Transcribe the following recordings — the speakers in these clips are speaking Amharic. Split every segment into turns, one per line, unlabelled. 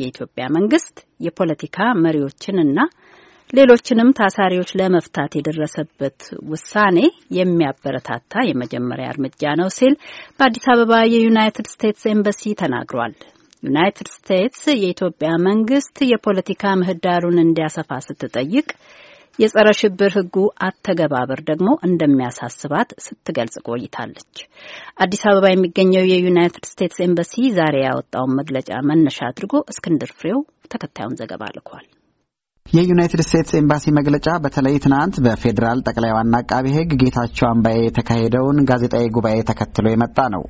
የኢትዮጵያ መንግስት የፖለቲካ መሪዎችንና ሌሎችንም ታሳሪዎች ለመፍታት የደረሰበት ውሳኔ የሚያበረታታ የመጀመሪያ እርምጃ ነው ሲል በአዲስ አበባ የዩናይትድ ስቴትስ ኤምባሲ ተናግሯል። ዩናይትድ ስቴትስ የኢትዮጵያ መንግስት የፖለቲካ ምህዳሩን እንዲያሰፋ ስትጠይቅ የጸረ ሽብር ህጉ አተገባበር ደግሞ እንደሚያሳስባት ስትገልጽ ቆይታለች። አዲስ አበባ የሚገኘው የዩናይትድ ስቴትስ ኤምባሲ ዛሬ ያወጣውን መግለጫ መነሻ አድርጎ እስክንድር ፍሬው ተከታዩን ዘገባ ልኳል።
የዩናይትድ ስቴትስ ኤምባሲ መግለጫ በተለይ ትናንት በፌዴራል ጠቅላይ ዋና አቃቤ ህግ ጌታቸው አምባዬ የተካሄደውን ጋዜጣዊ ጉባኤ ተከትሎ የመጣ ነው።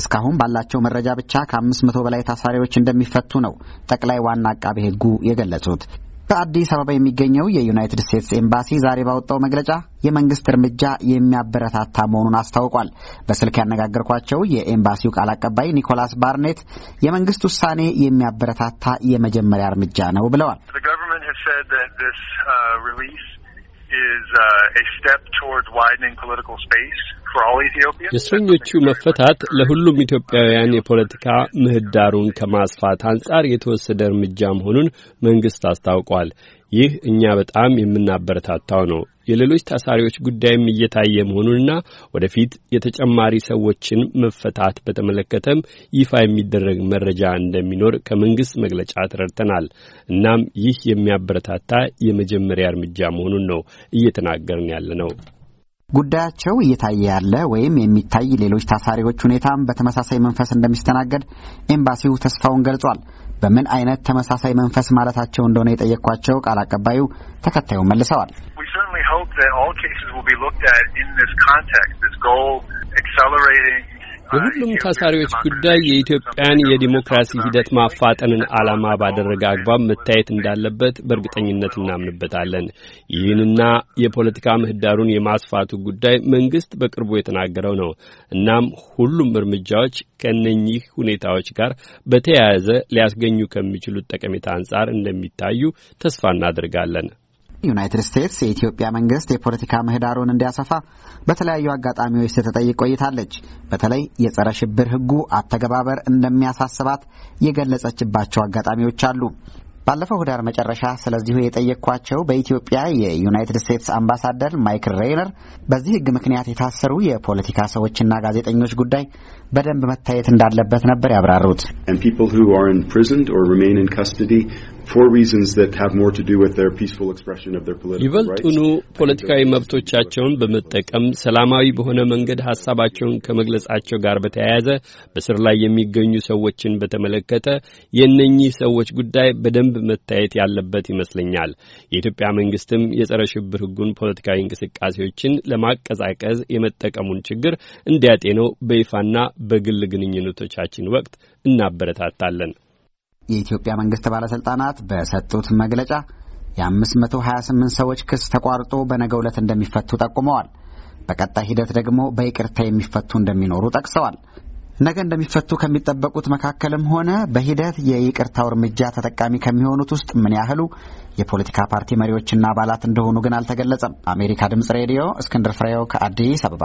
እስካሁን ባላቸው መረጃ ብቻ ከአምስት መቶ በላይ ታሳሪዎች እንደሚፈቱ ነው ጠቅላይ ዋና አቃቤ ህጉ የገለጹት። በአዲስ አበባ የሚገኘው የዩናይትድ ስቴትስ ኤምባሲ ዛሬ ባወጣው መግለጫ የመንግስት እርምጃ የሚያበረታታ መሆኑን አስታውቋል። በስልክ ያነጋገርኳቸው የኤምባሲው ቃል አቀባይ ኒኮላስ ባርኔት የመንግስት ውሳኔ የሚያበረታታ የመጀመሪያ እርምጃ ነው ብለዋል። Uh,
የእስረኞቹ መፈታት ለሁሉም ኢትዮጵያውያን የፖለቲካ ምህዳሩን ከማስፋት አንጻር የተወሰደ እርምጃ መሆኑን መንግስት አስታውቋል። ይህ እኛ በጣም የምናበረታታው ነው። የሌሎች ታሳሪዎች ጉዳይም እየታየ መሆኑንና ወደፊት የተጨማሪ ሰዎችን መፈታት በተመለከተም ይፋ የሚደረግ መረጃ እንደሚኖር ከመንግስት መግለጫ ተረድተናል። እናም ይህ የሚያበረታታ የመጀመሪያ እርምጃ መሆኑን ነው እየተናገርን ያለ ነው።
ጉዳያቸው እየታየ ያለ ወይም የሚታይ ሌሎች ታሳሪዎች ሁኔታም በተመሳሳይ መንፈስ እንደሚስተናገድ ኤምባሲው ተስፋውን ገልጿል። በምን አይነት ተመሳሳይ መንፈስ ማለታቸው እንደሆነ የጠየቅኳቸው ቃል አቀባዩ ተከታዩን መልሰዋል።
accelerating የሁሉም ታሳሪዎች ጉዳይ የኢትዮጵያን የዲሞክራሲ ሂደት ማፋጠንን ዓላማ ባደረገ አግባብ መታየት እንዳለበት በእርግጠኝነት እናምንበታለን። ይህንና የፖለቲካ ምህዳሩን የማስፋቱ ጉዳይ መንግስት በቅርቡ የተናገረው ነው። እናም ሁሉም እርምጃዎች ከነኚህ ሁኔታዎች ጋር በተያያዘ ሊያስገኙ ከሚችሉት ጠቀሜታ አንጻር እንደሚታዩ ተስፋ እናደርጋለን።
ዩናይትድ ስቴትስ የኢትዮጵያ መንግስት የፖለቲካ ምህዳሩን እንዲያሰፋ በተለያዩ አጋጣሚዎች ስትጠይቅ ቆይታለች። በተለይ የጸረ ሽብር ህጉ አተገባበር እንደሚያሳስባት የገለጸችባቸው አጋጣሚዎች አሉ። ባለፈው ህዳር መጨረሻ ስለዚሁ የጠየቅኳቸው በኢትዮጵያ የዩናይትድ ስቴትስ አምባሳደር ማይክል ሬይነር በዚህ ህግ ምክንያት የታሰሩ የፖለቲካ ሰዎችና ጋዜጠኞች ጉዳይ በደንብ መታየት እንዳለበት ነበር ያብራሩት። ይበልጡኑ
ፖለቲካዊ መብቶቻቸውን በመጠቀም ሰላማዊ በሆነ መንገድ ሀሳባቸውን ከመግለጻቸው ጋር በተያያዘ በስር ላይ የሚገኙ ሰዎችን በተመለከተ የእነኚህ ሰዎች ጉዳይ በደንብ በደንብ መታየት ያለበት ይመስለኛል። የኢትዮጵያ መንግስትም የጸረ ሽብር ህጉን ፖለቲካዊ እንቅስቃሴዎችን ለማቀዛቀዝ የመጠቀሙን ችግር እንዲያጤነው በይፋና በግል ግንኙነቶቻችን ወቅት እናበረታታለን።
የኢትዮጵያ መንግስት ባለስልጣናት በሰጡት መግለጫ የ528 ሰዎች ክስ ተቋርጦ በነገ ዕለት እንደሚፈቱ ጠቁመዋል። በቀጣይ ሂደት ደግሞ በይቅርታ የሚፈቱ እንደሚኖሩ ጠቅሰዋል። ነገ እንደሚፈቱ ከሚጠበቁት መካከልም ሆነ በሂደት የይቅርታው እርምጃ ተጠቃሚ ከሚሆኑት ውስጥ ምን ያህሉ የፖለቲካ ፓርቲ መሪዎችና አባላት እንደሆኑ ግን አልተገለጸም። አሜሪካ ድምጽ ሬዲዮ እስክንድር ፍሬው ከአዲስ አበባ